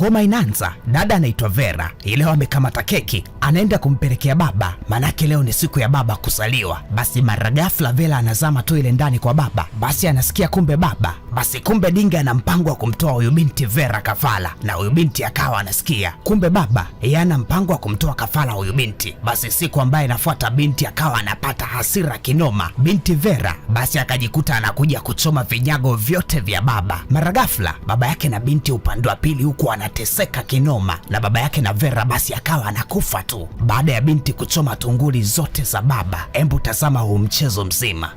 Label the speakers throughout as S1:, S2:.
S1: ngoma inaanza, dada anaitwa Vera ileo amekamata keki anaenda kumpelekea baba, manake leo ni siku ya baba kuzaliwa. Basi mara ghafla Vera anazama tu ile ndani kwa baba, basi anasikia kumbe baba, basi kumbe Dinga ana mpango wa kumtoa huyu binti Vera kafala, na huyu binti akawa anasikia kumbe baba yana mpango wa kumtoa kafala huyu binti. Basi siku ambaye inafuata binti akawa anapata hasira kinoma, binti Vera basi akajikuta anakuja kuchoma vinyago vyote vya baba. Mara ghafla baba yake na binti upande wa pili huku ana anateseka kinoma, na baba yake na Vera basi akawa anakufa tu baada ya binti kuchoma tunguli zote za baba. Embu tazama huu mchezo mzima.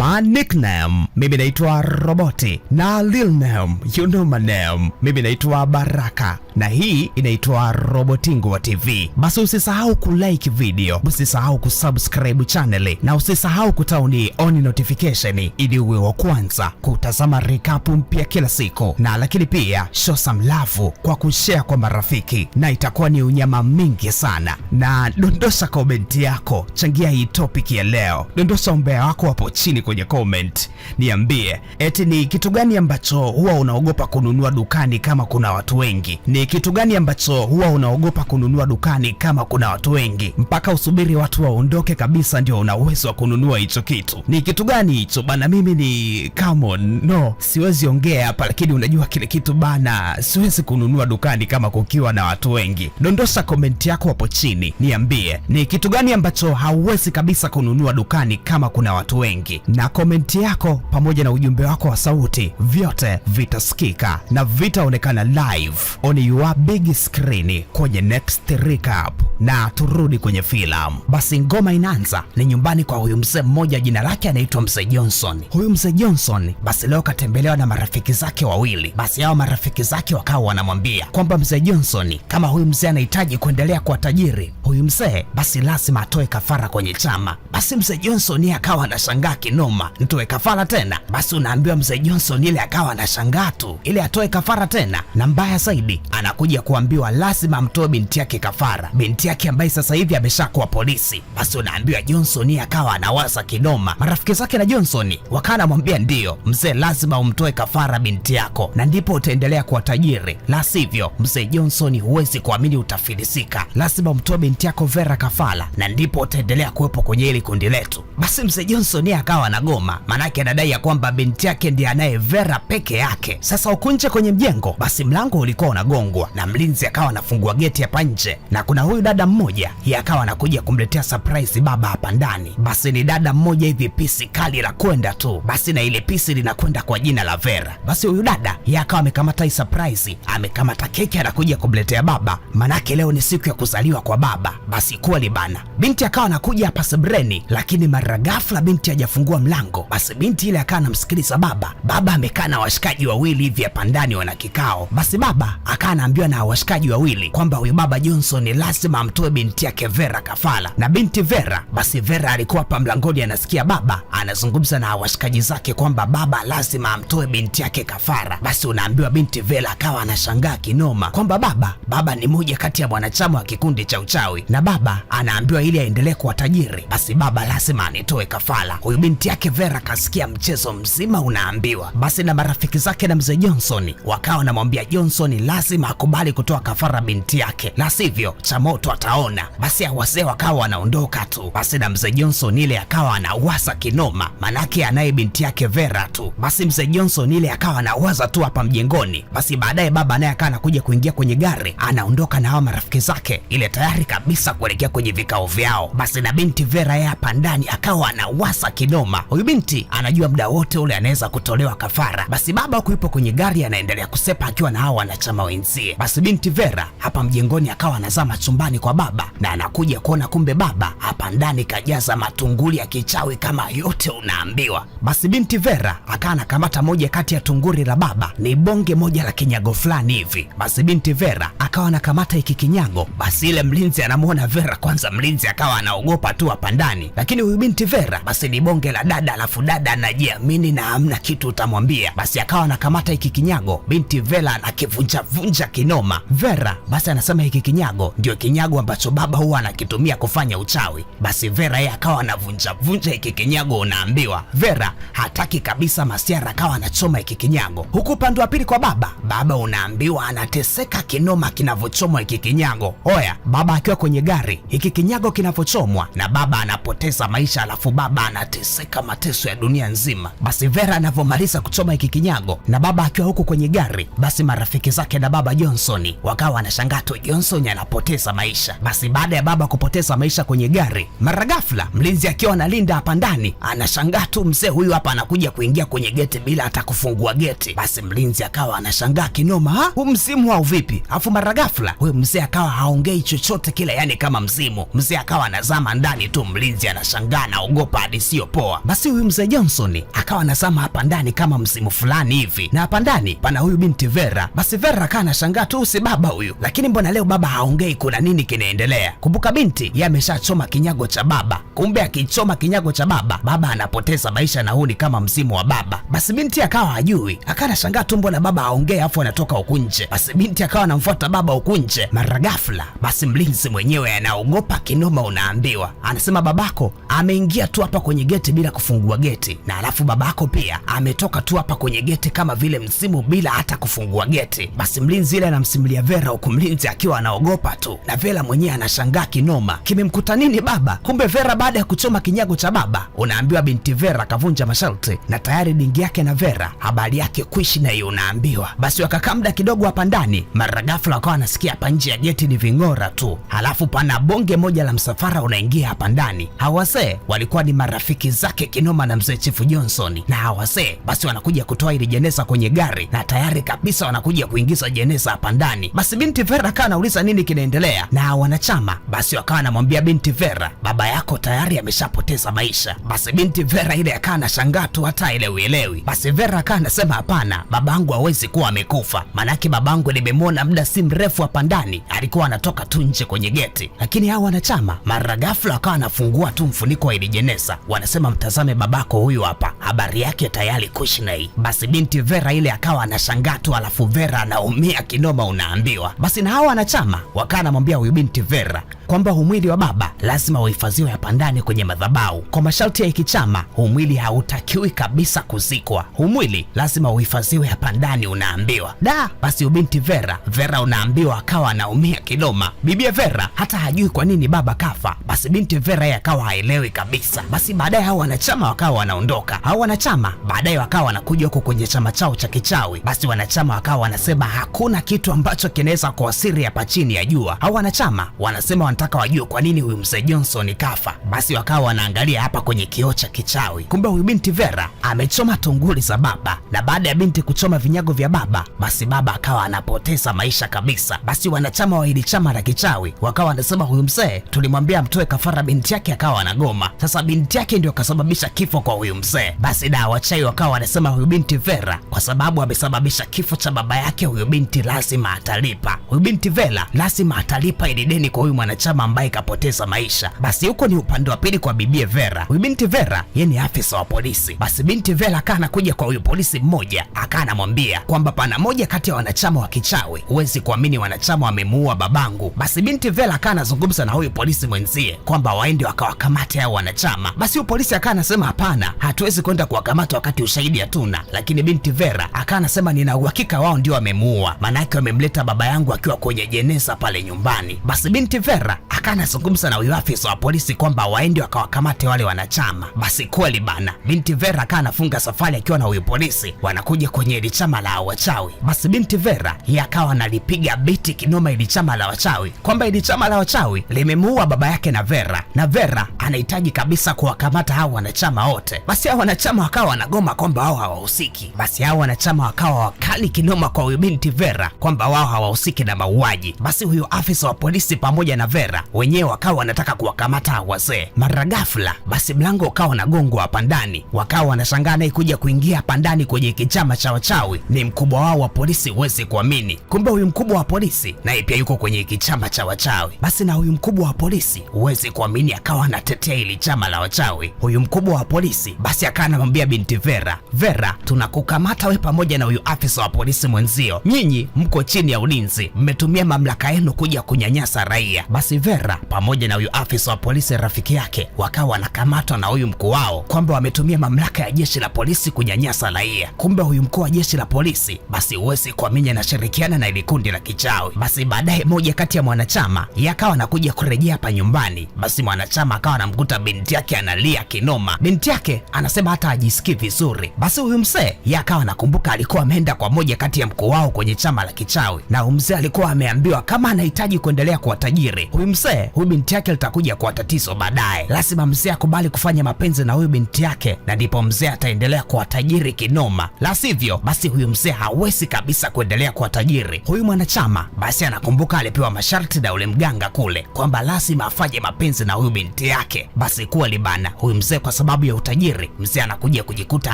S1: ama nickname. Mimi naitwa Roboti na lil name, you know my name. Mimi naitwa Baraka na hii inaitwa Robotingwa TV. Basi usisahau kulike video, usisahau kusubscribe channel na usisahau kutauni on notification ili uwe wa kwanza kutazama rikapu mpya kila siku, na lakini pia show some love kwa kushare kwa marafiki, na itakuwa ni unyama mingi sana. Na dondosha komenti yako, changia hii topic ya leo, dondosha umbea wako hapo chini kwenye comment niambie, eti ni kitu gani ambacho huwa unaogopa kununua dukani kama kuna watu wengi? Ni kitu gani ambacho huwa unaogopa kununua dukani kama kuna watu wengi, mpaka usubiri watu waondoke kabisa ndio una uwezo wa kununua hicho kitu? Ni kitu gani hicho bana? Mimi ni come on, no, siwezi ongea hapa, lakini unajua kile kitu bana, siwezi kununua dukani kama kukiwa na watu wengi. Dondosha komenti yako hapo chini niambie, ni kitu gani ambacho hauwezi kabisa kununua dukani kama kuna watu wengi na komenti yako pamoja na ujumbe wako wa sauti, vyote vitasikika na vitaonekana live on your big screen kwenye Next Recap. Na turudi kwenye filamu basi, ngoma inaanza ni nyumbani kwa huyu mzee mmoja, jina lake anaitwa mzee Johnson. Huyu mzee Johnson basi leo katembelewa na marafiki zake wawili, basi hao marafiki zake wakawa wanamwambia kwamba mzee Johnson, kama huyu mzee anahitaji kuendelea kuwa tajiri huyu mzee, basi lazima atoe kafara kwenye chama. Basi mzee Johnson akawa anashangaa noma nitoe kafara tena? Basi unaambiwa mzee Johnson ile akawa anashangaa tu, ile atoe kafara tena. Na mbaya zaidi, anakuja kuambiwa lazima amtoe binti yake kafara, binti yake ambaye sasa hivi ameshakuwa polisi. Basi unaambiwa Johnson yeye akawa anawaza kinoma. Marafiki zake na Johnson wakanamwambia ndiyo mzee, lazima umtoe kafara binti yako, na ndipo utaendelea kuwa tajiri, la sivyo mzee Johnson huwezi kuamini, utafilisika. Lazima umtoe binti yako Vera kafara, na ndipo utaendelea kuwepo kwenye hili kundi letu. Basi mzee Johnson yeye akawa anagoma, manake anadai ya kwamba binti yake ndiye anaye Vera peke yake. Sasa ukunje nje kwenye mjengo, basi mlango ulikuwa unagongwa na mlinzi akawa anafungua geti hapa nje, na kuna huyu dada mmoja yeye akawa anakuja kumletea surprise baba hapa ndani. Basi ni dada mmoja hivi pisi kali la kwenda tu, basi na ile pisi linakwenda kwa jina la Vera. Basi huyu dada yeye akawa amekamata hii surprise, amekamata keki anakuja kumletea baba, manake leo ni siku ya kuzaliwa kwa baba. Basi kweli bana, binti akawa anakuja hapa sebreni, lakini mara ghafla binti hajafungua mlango. Basi binti ile akawa anamsikiliza baba. Baba amekaa na washikaji wawili hivi hapa ndani wana kikao. Basi baba akawa anaambiwa na washikaji wawili kwamba huyu baba Johnson lazima amtoe binti yake Vera kafala na binti Vera, basi Vera alikuwa hapa mlangoni anasikia baba anazungumza na washikaji zake kwamba baba lazima amtoe binti yake kafara. Basi unaambiwa binti Vera akawa anashangaa kinoma kwamba baba baba ni moja kati ya mwanachama wa kikundi cha uchawi na baba anaambiwa ili aendelee kuwa tajiri, basi baba lazima anitoe kafara. Huyu binti yake Vera kasikia mchezo mzima unaambiwa. Basi na marafiki zake na mzee Johnson wakawa wanamwambia Johnson lazima akubali kutoa kafara binti yake, na sivyo cha moto ataona. Basi wazee wakawa wanaondoka tu. Basi na mzee Johnson ile akawa anauwaza kinoma, manake anaye binti yake Vera tu. Basi mzee Johnson ile akawa anawaza tu hapa mjengoni. Basi baadaye baba naye akawa anakuja kuingia kwenye gari, anaondoka na hawa marafiki zake, ile tayari kabisa kuelekea kwenye vikao vyao. Basi na binti Vera yeye hapa ndani akawa anawaza kinoma huyu binti anajua muda wote ule anaweza kutolewa kafara. Basi baba huku yupo kwenye gari anaendelea kusepa akiwa na hao wanachama wenzie. Basi binti Vera hapa mjengoni akawa anazama chumbani kwa baba na anakuja kuona kumbe baba hapa ndani kajaza matunguli ya kichawi kama yote unaambiwa. Basi binti Vera akawa anakamata moja kati ya tunguri la baba, ni bonge moja la kinyago fulani hivi. Basi binti Vera akawa anakamata iki kinyago, basi ile mlinzi anamwona Vera kwanza, mlinzi akawa anaogopa tu hapa ndani, lakini huyu binti Vera basi ni bonge la dada, alafu dada anajiamini na hamna kitu utamwambia. Basi akawa anakamata hiki kinyago, binti Vera anakivunjavunja kinoma. Vera basi anasema hiki kinyago ndio kinyago ambacho baba huwa anakitumia kufanya uchawi. Basi Vera yeye akawa anavunjavunja hiki kinyago, unaambiwa Vera hataki kabisa. Masiara akawa anachoma hiki kinyago, huku upande wa pili kwa baba, baba unaambiwa anateseka kinoma kinavyochomwa hiki kinyago. Oya, baba akiwa kwenye gari hiki kinyago kinavyochomwa na baba anapoteza maisha, alafu baba anateseka katika mateso ya dunia nzima. Basi Vera anavyomaliza kuchoma hiki kinyago na baba akiwa huko kwenye gari, basi marafiki zake na baba Johnson wakawa wanashangaa tu Johnson anapoteza maisha. Basi baada ya baba kupoteza maisha kwenye gari, mara ghafla mlinzi akiwa analinda hapa ndani anashangaa tu mzee huyu hapa anakuja kuingia kwenye geti bila hata kufungua geti. Basi mlinzi akawa anashangaa kinoma, ha, ah, huu mzimu au vipi? Afu mara ghafla huyu mzee akawa haongei chochote kile, yani kama mzimu. Mzee akawa anazama ndani tu, mlinzi anashangaa, anaogopa hadi sio poa. Basi huyu mzee Johnson akawa anazama hapa ndani kama mzimu fulani hivi, na hapa ndani pana huyu binti Vera. Basi Vera akawa anashangaa tu, si baba huyu, lakini mbona leo baba haongei? Kuna nini kinaendelea? Kumbuka binti yeye ameshachoma kinyago cha baba. Kumbe akichoma kinyago cha baba, baba anapoteza maisha, na huu ni kama mzimu wa baba. Basi binti akawa hajui, akawa anashangaa tu, mbona baba haongei, afu anatoka huku nje. Basi binti akawa anamfuata baba huku nje, mara ghafla basi mlinzi mwenyewe anaogopa kinoma, unaambiwa anasema babako ameingia tu hapa kwenye geti bila bila kufungua geti, na alafu babako pia ametoka tu hapa kwenye geti kama vile msimu bila hata kufungua geti. Basi mlinzi ile anamsimulia Vera, huku mlinzi akiwa anaogopa tu, na Vera mwenyewe anashangaa kinoma, kimemkuta nini baba? Kumbe Vera baada ya kuchoma kinyago cha baba, unaambiwa binti Vera kavunja masharti na tayari dingi yake na Vera habari yake kuishi na hiyo unaambiwa. Basi wakakaa muda kidogo hapa ndani, mara ghafla wakawa anasikia hapa nje ya geti ni ving'ora tu, halafu pana bonge moja la msafara unaingia hapa ndani. Hawasee walikuwa ni marafiki zake yake kinoma na mzee Chifu Johnson na hawasee, basi wanakuja kutoa ile jeneza kwenye gari na tayari kabisa wanakuja kuingiza jeneza hapa ndani. Basi binti Vera akawa anauliza nini kinaendelea na wanachama, basi wakawa anamwambia binti Vera, baba yako tayari ameshapoteza maisha. Basi binti Vera ile akawa anashangaa tu hata ile uelewi. Basi Vera akawa anasema hapana, babangu hawezi kuwa amekufa, maanake babangu nimemwona muda si mrefu hapa ndani, alikuwa anatoka tu nje kwenye geti. Lakini hao wanachama mara ghafla wakawa anafungua tu mfuniko wa ile jeneza, wanasema mta tazame babako huyu hapa, habari yake tayari kushnei. Basi binti Vera ile akawa anashangaa tu, alafu Vera anaumia kinoma, unaambiwa. Basi na hawa wanachama wakaa anamwambia huyu binti Vera kwamba humwili wa baba lazima uhifadhiwe hapa ndani kwenye madhabahu. Kwa masharti ya kichama, humwili hautakiwi kabisa kuzikwa. Humwili lazima uhifadhiwe hapa ndani, unaambiwa. Da, basi ubinti Vera, Vera unaambiwa akawa anaumia kidoma. Bibia Vera hata hajui kwa nini baba kafa. Basi binti Vera yeye akawa haelewi kabisa. Basi baadaye hao wanachama wakawa wanaondoka. Hao wanachama baadaye wakawa wanakuja huko kwenye chama chao cha kichawi. Basi wanachama wakawa wanasema hakuna kitu ambacho kinaweza kuasiri hapa chini ya jua. Hao wanachama wanasema wan wanataka wajue kwa nini huyu mzee Johnson kafa. Basi wakawa wanaangalia hapa kwenye kioo cha kichawi, kumbe huyu binti Vera amechoma tunguli za baba, na baada ya binti kuchoma vinyago vya baba, basi baba akawa anapoteza maisha kabisa. Basi wanachama wa ile chama la kichawi wakawa wanasema huyu mzee tulimwambia amtoe kafara binti yake, akawa anagoma. Sasa binti yake ndio akasababisha kifo kwa huyu mzee. Basi da wachai wakawa wanasema huyu binti Vera kwa sababu amesababisha kifo cha baba yake, huyu binti lazima atalipa, huyu binti Vera lazima atalipa ili deni kwa huyu mwanachama mwanachama ambaye kapoteza maisha. Basi huko ni upande wa pili kwa bibie Vera. Huyu binti Vera yeye ni afisa wa polisi. Basi binti Vera akaa anakuja kwa huyu polisi mmoja, akaa anamwambia kwamba pana moja kati ya wanachama wa kichawi, huwezi kuamini wanachama wamemuua babangu. Basi binti Vera akaa anazungumza na huyu polisi mwenzie kwamba waende wakawakamate hao wanachama. Basi huyu polisi akaa anasema hapana, hatuwezi kwenda kuwakamata wakati ushahidi hatuna, lakini binti Vera akaa anasema nina uhakika wao ndio wamemuua, maanake wamemleta baba yangu akiwa kwenye jeneza pale nyumbani. Basi binti Vera akawa anazungumza na huyu afisa wa polisi kwamba waende wakawakamate wale wanachama. Basi kweli bana, binti Vera akawa anafunga safari akiwa na huyu polisi, wanakuja kwenye ili chama la wachawi. Basi binti Vera yeye akawa analipiga biti kinoma ili chama la wachawi kwamba ili chama la wachawi limemuua baba yake na Vera, na Vera anahitaji kabisa kuwakamata hao wanachama wote. Basi hao wanachama wakawa wanagoma kwamba wao hawahusiki. Basi hao wanachama wakawa wakali kinoma kwa huyu binti Vera kwamba wao hawahusiki na mauaji. Basi huyu afisa wa polisi pamoja na Vera wenyewe wakawa wanataka kuwakamata wazee. Mara ghafla basi mlango ukawa unagongwa hapa ndani, wakawa wanashangaa naye kuja kuingia hapa ndani kwenye kichama cha wachawi ni mkubwa wao wa polisi, huwezi kuamini. Kumbe huyu mkubwa wa polisi naye pia yuko kwenye kichama cha wachawi. Basi na huyu mkubwa wa polisi, huwezi kuamini, akawa anatetea hili chama la wachawi. Huyu mkubwa wa polisi basi akawa anamwambia binti Vera, Vera, tunakukamata we pamoja na huyu afisa wa polisi mwenzio, nyinyi mko chini ya ulinzi, mmetumia mamlaka yenu kuja kunyanyasa raia. Basi Vera Mandera pamoja na huyu afisa wa polisi rafiki yake wakawa wanakamatwa na huyu mkuu wao kwamba wametumia mamlaka ya jeshi la polisi kunyanyasa raia. Kumbe huyu mkuu wa jeshi la polisi, basi huwezi kuamini, anashirikiana na ile kundi la kichawi. Basi baadaye moja kati ya mwanachama yakawa anakuja kurejea hapa nyumbani, basi mwanachama akawa anamkuta binti yake analia kinoma. Binti yake anasema hata ajisikii vizuri. Basi huyu mzee yakawa anakumbuka alikuwa ameenda kwa moja kati ya mkuu wao kwenye chama la kichawi, na mzee alikuwa ameambiwa kama anahitaji kuendelea kuwa tajiri huyu mzee mzee, huyu binti yake litakuja kuwa tatizo baadaye. Lazima mzee akubali kufanya mapenzi na huyu binti yake, na ndipo mzee ataendelea kuwa tajiri kinoma, la sivyo basi huyu mzee hawezi kabisa kuendelea kuwa tajiri. Huyu mwanachama basi anakumbuka alipewa masharti na ule mganga kule kwamba lazima afanye mapenzi na huyu binti yake. Basi kweli bana, huyu mzee kwa sababu ya utajiri, mzee anakuja kujikuta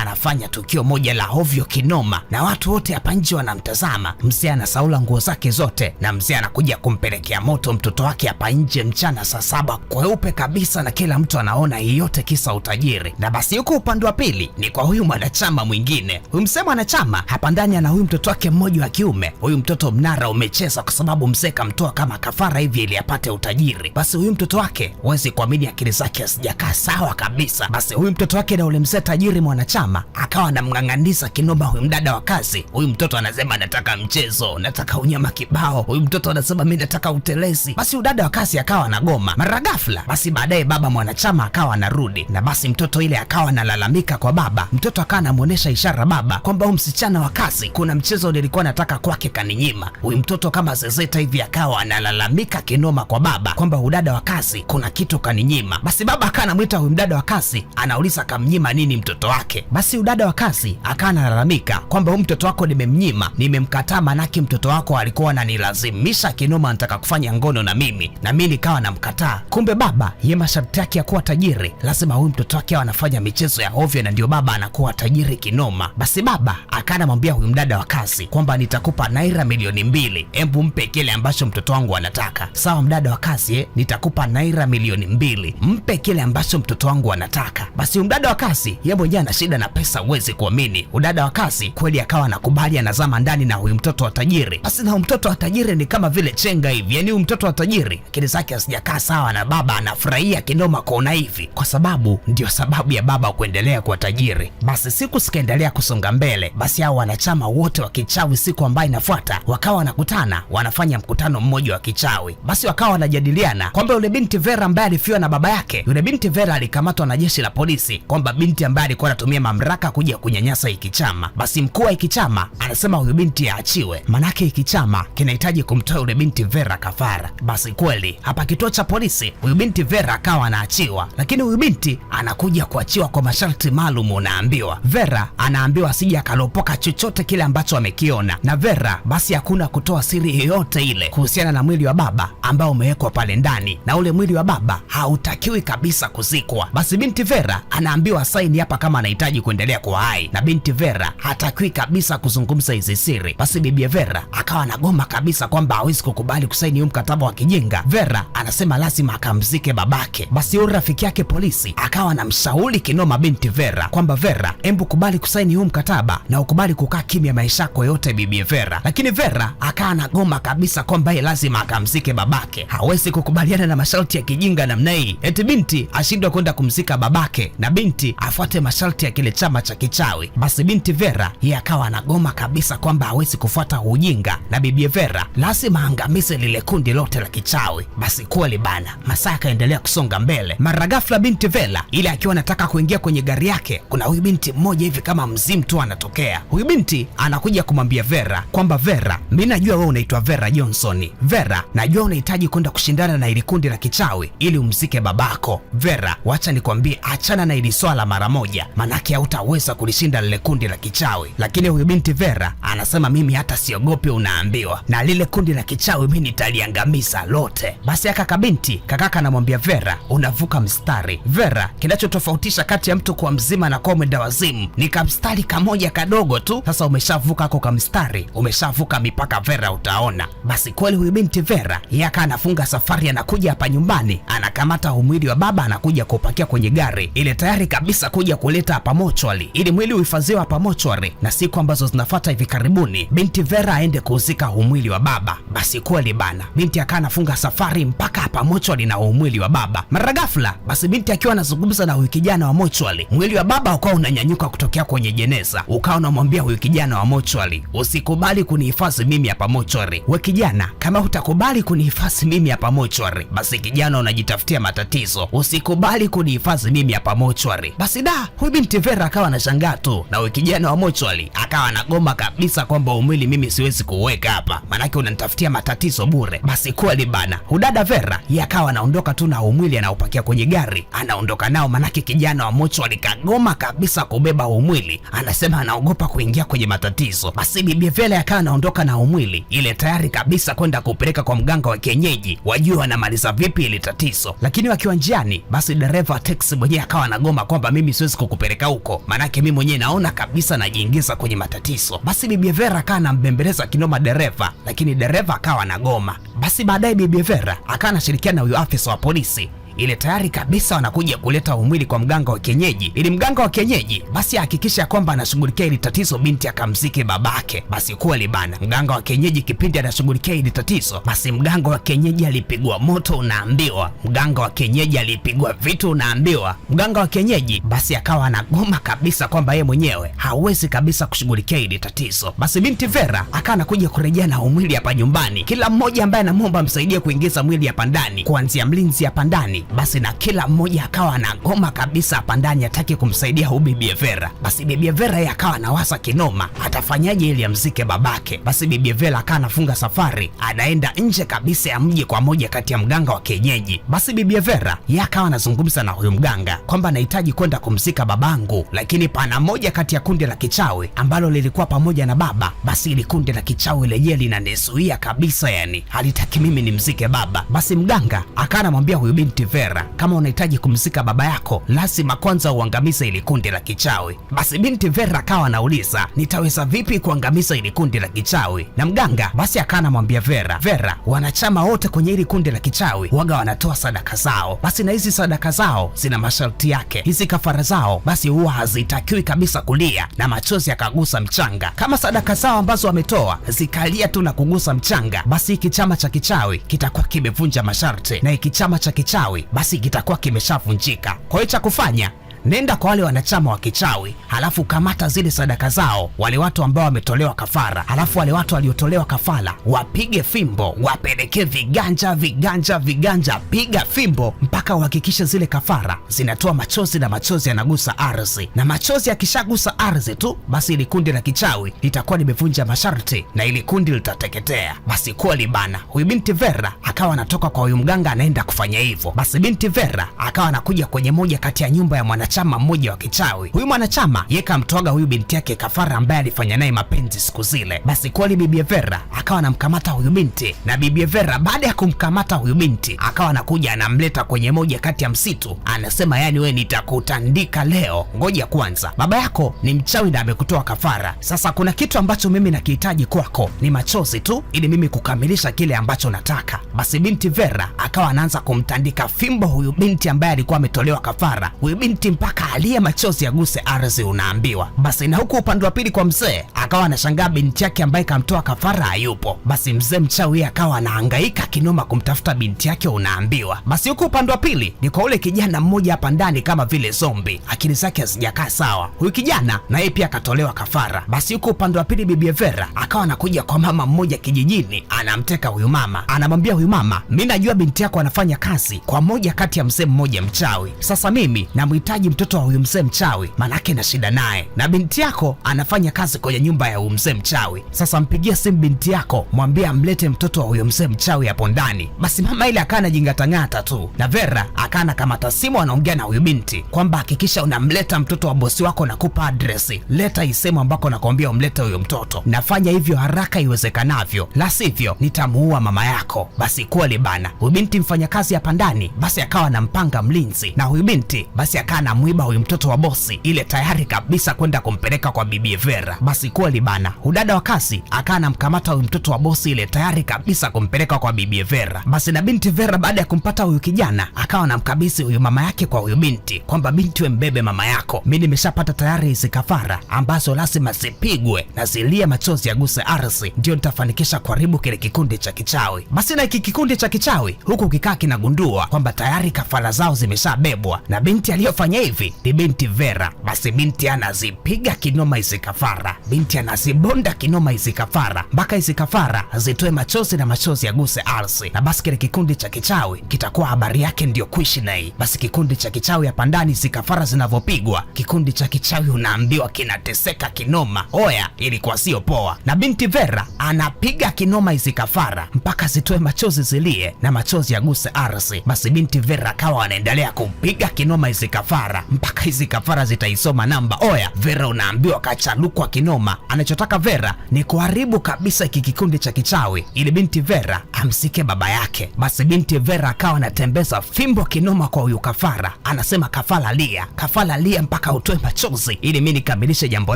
S1: anafanya tukio moja la hovyo kinoma, na watu wote hapa nje wanamtazama mzee. Anasaula nguo zake zote, na mzee anakuja kumpelekea moto mtoto wake hapa nje nje mchana saa saba kweupe kabisa, na kila mtu anaona yote, kisa utajiri. Na basi huko upande wa pili ni kwa huyu mwanachama mwingine, huyu msee mwanachama hapa ndani ana huyu mtoto wake mmoja wa kiume. Huyu mtoto mnara umecheza kwa sababu mzee kamtoa kama kafara hivi ili apate utajiri. Basi huyu mtoto wake, huwezi kuamini, akili zake hazijakaa sawa kabisa. Basi huyu mtoto wake na ule mzee tajiri mwanachama akawa anamng'ang'aniza kinoma huyu mdada wa kazi. Huyu mtoto anasema nataka mchezo, nataka unyama kibao. Huyu mtoto anasema mi nataka utelezi. Basi udada wa kazi basi akawa anagoma mara ghafla. Basi baadaye baba mwanachama akawa anarudi na basi mtoto ile akawa analalamika kwa baba, mtoto akawa anamwonyesha ishara baba kwamba huyu msichana wa kazi kuna mchezo nilikuwa nataka kwake kaninyima. Huyu mtoto kama zezeta hivi akawa analalamika kinoma kwa baba kwamba udada wa kazi kuna kitu kaninyima. Basi baba akawa anamwita huyu mdada wa kazi, anauliza kamnyima nini mtoto wake. Basi udada wa kazi akawa analalamika kwamba huyu mtoto wako nimemnyima, nimemkataa, manake mtoto wako alikuwa ananilazimisha kinoma, anataka kufanya ngono na mimi na mimi mi nikawa namkataa. Kumbe baba ye masharti yake ya kuwa tajiri, lazima huyu mtoto wake awe anafanya michezo ya ovyo, na ndio baba anakuwa tajiri kinoma. Basi baba akanamwambia huyu mdada wa kazi kwamba nitakupa naira milioni mbili, embu mpe kile ambacho mtoto wangu anataka. Sawa mdada wa kazi eh, nitakupa naira milioni mbili, mpe kile ambacho mtoto wangu anataka. Basi mdada wa kazi ye mwenyewe ana shida na pesa, huwezi kuamini. Udada wa kazi kweli akawa anakubali, anazama ndani na huyu mtoto wa tajiri. Basi na huyu mtoto wa tajiri ni kama vile chenga hivi, yani huyu mtoto wa tajiri lakini zake hazijakaa sawa, na baba anafurahia kinoma kuona hivi, kwa sababu ndio sababu ya baba kuendelea kuwa tajiri. Basi siku zikaendelea kusonga mbele, basi hao wanachama wote wa kichawi, siku ambayo inafuata wakawa wanakutana, wanafanya mkutano mmoja wa kichawi. Basi wakawa wanajadiliana kwamba yule binti Vera ambaye alifiwa na baba yake, yule binti Vera alikamatwa na jeshi la polisi, kwamba binti ambaye alikuwa anatumia mamlaka kuja kunyanyasa ikichama Basi mkuu wa ikichama anasema huyu binti aachiwe, manake ikichama kinahitaji kumtoa yule binti Vera kafara. Basi kweli hapa kituo cha polisi, huyu binti Vera akawa anaachiwa, lakini huyu binti anakuja kuachiwa kwa masharti maalum. Unaambiwa Vera anaambiwa asije akalopoka chochote kile ambacho amekiona na Vera, basi hakuna kutoa siri yoyote ile kuhusiana na mwili wa baba ambao umewekwa pale ndani, na ule mwili wa baba hautakiwi kabisa kuzikwa. Basi binti Vera anaambiwa saini hapa kama anahitaji kuendelea kuwa hai, na binti Vera hatakiwi kabisa kuzungumza hizi siri. Basi bibi Vera akawa anagoma kabisa kwamba hawezi kukubali kusaini huu mkataba wa kijinga Vera Ora anasema lazima akamzike babake. Basi yule rafiki yake polisi akawa anamshauri kinoma binti Vera kwamba Vera, embu kubali kusaini huu mkataba na ukubali kukaa kimya maisha yako yote bibi Vera. Lakini Vera akawa anagoma kabisa kwamba yeye lazima akamzike babake, hawezi kukubaliana na masharti ya kijinga namna hii, eti binti ashindwa kwenda kumzika babake na binti afuate masharti ya kile chama cha kichawi. Basi binti Vera yeye akawa anagoma kabisa kwamba hawezi kufuata ujinga na bibi Vera lazima aangamize lile kundi lote la kichawi. Basi kweli bana, masaa yakaendelea kusonga mbele. Mara ghafla binti Vela ile akiwa anataka kuingia kwenye gari yake, kuna huyu binti mmoja hivi kama mzimu tu anatokea. Huyu binti anakuja kumwambia Vera kwamba Vera, mi najua wewe unaitwa Vera Johnson. Vera, najua unahitaji kwenda kushindana na ili kundi la kichawi ili umzike babako. Vera, wacha nikwambie, achana na ili swala mara moja, manake hautaweza kulishinda lile kundi la kichawi. Lakini huyu binti Vera anasema mimi hata siogopi, unaambiwa na lile kundi la kichawi, mimi nitaliangamiza lote. Basi aka kabinti kakaka anamwambia Vera, unavuka mstari. Vera, kinachotofautisha kati ya mtu kuwa mzima na kuwa mwenda wazimu ni kamstari kamoja kadogo tu. Sasa umeshavuka ako kamstari, umeshavuka mipaka Vera, utaona. Basi kweli huyu binti Vera yaka anafunga safari, anakuja hapa nyumbani, anakamata umwili wa baba, anakuja kuupakia kwenye gari ile tayari kabisa kuja kuleta hapa mochwali, ili mwili uhifadhiwe hapa mochwali na siku ambazo zinafuata hivi karibuni binti Vera aende kuuzika umwili wa baba. Basi kweli bana, binti akaa anafunga safari safari mpaka hapa mochwali na mwili wa baba. Mara ghafla, basi binti akiwa anazungumza na huyu kijana wa mochwali, mwili wa baba ukawa unanyanyuka kutokea kwenye jeneza, ukawa unamwambia huyu kijana wa mochwali, usikubali kunihifadhi mimi hapa mochwali. We kijana, kama hutakubali kunihifadhi mimi hapa mochwali, basi kijana unajitafutia matatizo, usikubali kunihifadhi mimi hapa mochwali. Basi da, huyu binti Vera akawa anashangaa tu, na huyu kijana wa mochwali akawa anagoma kabisa kwamba umwili mimi siwezi kuweka hapa, maanake unanitafutia matatizo bure. Basi kweli bana huda dada Vera yakawa anaondoka tu na umwili anaopakia kwenye gari anaondoka nao, manake kijana wa Mocho alikagoma kabisa kubeba umwili, anasema anaogopa kuingia kwenye matatizo. Basi bibi Vera akawa anaondoka na umwili ile tayari kabisa kwenda kupeleka kwa mganga wa kienyeji, wajue wanamaliza vipi ile tatizo. Lakini wakiwa njiani, basi dereva teksi mwenyewe akawa anagoma kwamba mimi siwezi kukupeleka huko, manake mimi mwenyewe naona kabisa najiingiza kwenye matatizo. Basi bibi Vera akawa anambembeleza kinoma dereva, lakini dereva akawa anagoma. Basi baadaye bibi Vera akawa anashirikiana na huyo afisa wa polisi ile tayari kabisa wanakuja kuleta umwili kwa mganga wa kienyeji, ili mganga wa kienyeji basi ahakikisha kwamba anashughulikia ili tatizo, binti akamzike babake. Basi kweli bana, mganga wa kienyeji kipindi anashughulikia ili tatizo, basi mganga wa kienyeji alipigwa moto, unaambiwa mganga wa kienyeji alipigwa vitu, unaambiwa mganga wa kienyeji basi akawa anagoma kabisa kwamba yeye mwenyewe hawezi kabisa kushughulikia ili tatizo. Basi binti Vera akawa anakuja kurejea na umwili hapa nyumbani, kila mmoja ambaye anamwomba msaidie kuingiza mwili hapa ndani, kuanzia mlinzi hapa ndani basi na kila mmoja akawa anagoma kabisa hapa ndani, ataki kumsaidia huyu Bibi Evera. Basi Bibi Evera yeye akawa anawasa kinoma, atafanyaje ili amzike babake? Basi Bibi Evera akawa anafunga safari, anaenda nje kabisa ya mji kwa moja kati ya mganga wa kienyeji. Basi Bibi Evera yeye akawa anazungumza na huyu mganga kwamba anahitaji kwenda kumzika babangu, lakini pana moja kati ya kundi la kichawi ambalo lilikuwa pamoja na baba. Basi ili kundi la kichawi lenyewe linanizuia kabisa, yani halitaki mimi nimzike baba. Basi mganga akawa anamwambia huyu binti Vera, kama unahitaji kumzika baba yako, lazima kwanza uangamize ili kundi la kichawi. Basi binti Vera akawa anauliza nitaweza vipi kuangamiza ili kundi la kichawi? Na mganga basi akawa anamwambia Vera, Vera, wanachama wote kwenye hili kundi la kichawi waga wanatoa sadaka zao, basi na hizi sadaka zao zina masharti yake. Hizi kafara zao basi huwa hazitakiwi kabisa kulia na machozi yakagusa mchanga. Kama sadaka zao ambazo wametoa zikalia tu na kugusa mchanga, basi hiki chama cha kichawi kitakuwa kimevunja masharti, na hiki chama cha kichawi basi kitakuwa kimeshavunjika. Kwa hiyo cha kufanya nenda kwa wale wanachama wa kichawi, halafu kamata zile sadaka zao, wale watu ambao wametolewa kafara, halafu wale watu waliotolewa kafara wapige fimbo, wapelekee viganja viganja viganja, piga fimbo mpaka uhakikishe zile kafara zinatoa machozi, na machozi yanagusa ardhi, na machozi yakishagusa ardhi tu, basi ili kundi la kichawi litakuwa limevunja masharti na ili kundi litateketea. Basi kweli bana, huyu binti Vera akawa anatoka kwa huyu mganga, anaenda kufanya hivyo. Basi binti Vera akawa anakuja kwenye moja kati ya nyumba ya mwanachama mwanachama mmoja wa kichawi. Huyu mwanachama yeye huyu binti yake Kafara ambaye alifanya naye mapenzi siku zile. Basi kweli Bibi Vera akawa anamkamata huyu binti, na Bibi Vera baada ya kumkamata huyu binti akawa anakuja anamleta kwenye moja kati ya msitu, anasema yani, we nitakutandika leo, ngoja kwanza, baba yako ni mchawi na amekutoa Kafara. Sasa kuna kitu ambacho mimi nakihitaji kwako, ni machozi tu, ili mimi kukamilisha kile ambacho nataka. Basi binti Vera akawa anaanza kumtandika fimbo huyu binti ambaye alikuwa ametolewa Kafara. Huyu binti mpaka alia machozi guse ardhi, unaambiwa basi. Na huku upande wa pili kwa mzee akawa anashangaa binti yake ambaye kamtoa kafara hayupo. Basi mzee mchawi akawa anahangaika kinoma kumtafuta binti yake, unaambiwa basi. Huku upande wa pili ni kwa ule kijana mmoja hapa ndani kama vile zombi, akili zake hazijakaa sawa. Huyu kijana na yeye pia akatolewa kafara. Basi huku upande wa pili bibi Vera akawa anakuja kwa mama mmoja kijijini, anamteka huyu mama, anamwambia huyu mama, mimi najua binti yako anafanya kazi kwa moja kati ya mzee mmoja mchawi, sasa mimi namhitaji mhitaji mtoto wa huyu mzee mchawi, manake na shida naye, na binti yako anafanya kazi kwenye nyumba ya huyu mzee mchawi. Sasa mpigie simu binti yako, mwambie amlete mtoto wa huyu mzee mchawi hapo ndani. Basi mama ile akaa anajingatang'ata tu, na Vera akaa anakamata simu, anaongea na huyu binti kwamba hakikisha unamleta mtoto wa bosi wako, nakupa adresi, leta isemu ambako nakwambia umlete huyo mtoto, nafanya hivyo haraka iwezekanavyo, la sivyo nitamuua mama yako. Basi kweli bana, huyu binti mfanyakazi hapa ndani, basi akawa anampanga mlinzi, na huyu binti basi akaa mwiba huyu mtoto wa bosi, ile tayari kabisa kwenda kumpeleka kwa bibi Vera. Basi kweli bana, udada wa kasi akaa anamkamata huyu mtoto wa bosi, ile tayari kabisa kumpeleka kwa bibi Vera. Basi na binti Vera baada ya kumpata huyu kijana, akawa namkabidhi huyu mama yake kwa huyu binti kwamba binti, we mbebe mama yako, mi nimeshapata tayari hizi kafara ambazo lazima zipigwe na zilie machozi yaguse arsi ndio nitafanikisha kuharibu kile kikundi cha kichawi. Basi na hiki kikundi cha kichawi huku kikaa kinagundua kwamba tayari kafara zao zimeshabebwa na binti aliyofanya hivi ni binti Vera. Basi binti anazipiga kinoma hizi kafara, binti anazibonda kinoma hizi kafara mpaka hizi kafara zitoe machozi na machozi yaguse arsi na basi kile kikundi cha kichawi kitakuwa habari yake ndiyo kuishi na hii. Basi kikundi cha kichawi hapa ndani, hizi kafara zinavyopigwa, kikundi cha kichawi unaambiwa kinateseka kinoma. Oya, ilikuwa sio poa, na binti Vera anapiga kinoma hizi kafara mpaka zitoe machozi zilie na machozi yaguse arsi Basi binti Vera akawa anaendelea kumpiga kinoma hizi kafara kafara mpaka hizi kafara zitaisoma namba. Oya, Vera unaambiwa kachalukwa kinoma. Anachotaka Vera ni kuharibu kabisa hiki kikundi cha kichawi. ili binti Vera amsike baba yake. Basi binti Vera akawa anatembeza fimbo kinoma kwa huyu kafara, anasema kafara lia, kafara lia mpaka utoe machozi ili mi nikamilishe jambo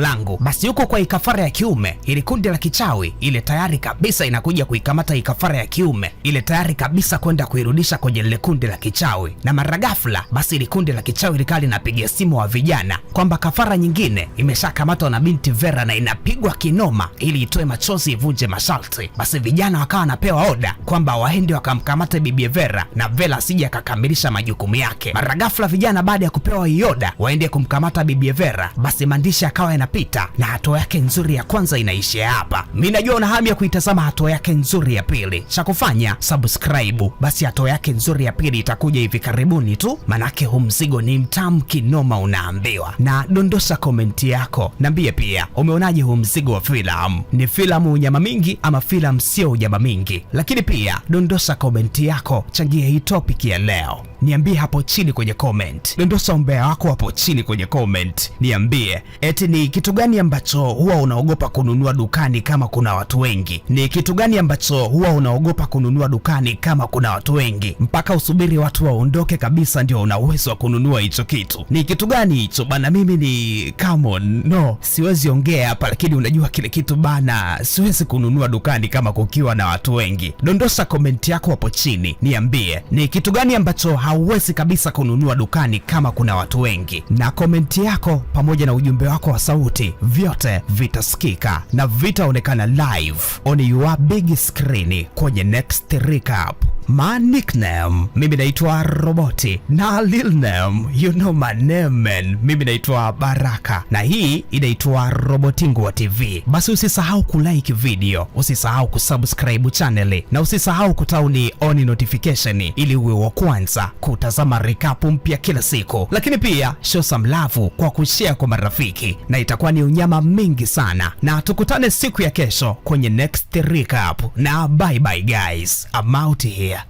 S1: langu. Basi huko kwa ikafara ya kiume, ili kundi la kichawi ile tayari kabisa inakuja kuikamata ikafara ya kiume ile tayari kabisa kwenda kuirudisha kwenye lile kundi la kichawi. Na mara ghafla, basi ile kundi la kichawi likawa linapiga simu wa vijana kwamba kafara nyingine imeshakamatwa na binti Vera na inapigwa kinoma ili itoe machozi, ivunje masharti. Basi vijana wakawa wanapewa oda kwamba waende wakamkamata Bibi Vera na Vera asije akakamilisha majukumu yake. Mara ghafla vijana baada ya kupewa ioda waende kumkamata Bibi Vera, basi maandishi akawa yanapita na hatua yake nzuri ya kwanza inaishia hapa. Mimi najua una hamu ya kuitazama hatua yake nzuri ya pili, cha kufanya subscribe. Basi hatua yake nzuri ya pili itakuja hivi karibuni tu, manake huu mzigo ni mtamu kinoma, unaambiwa. Na dondosha komenti yako, nambie pia umeonaje huu mzigo wa filamu, ni filamu unyama mingi ama filamu sio unyama mingi, lakini pia dondosa komenti yako, changia hii topic ya leo niambie hapo chini kwenye comment. Dondosa umbea wako hapo chini kwenye comment, niambie eti ni kitu gani ambacho huwa unaogopa kununua dukani kama kuna watu wengi? Ni kitu gani ambacho huwa unaogopa kununua dukani kama kuna watu wengi, mpaka usubiri watu waondoke kabisa ndio una uwezo wa kununua hicho kitu? Ni kitu gani hicho bana? Mimi ni come on, no, siwezi ongea hapa, lakini unajua kile kitu bana, siwezi kununua dukani kama kukiwa na watu wengi. Dondosa komenti yako hapo chini, niambie ni kitu gani ambacho ha hauwezi kabisa kununua dukani kama kuna watu wengi. Na komenti yako pamoja na ujumbe wako wa sauti vyote vitasikika na vitaonekana live on your big screen kwenye Next Recap my nickname. Mimi naitwa Roboti na lil name, you know my name man. Mimi naitwa Baraka na hii inaitwa Robotingwa TV. Basi usisahau kulike video, usisahau kusubscribe channel na usisahau kutauni on notification ili uwe wa kwanza kutazama recap mpya kila siku, lakini pia show some love kwa kushare kwa marafiki, na itakuwa ni unyama mingi sana, na tukutane siku ya kesho kwenye next recap, na bye bye guys, I'm out here.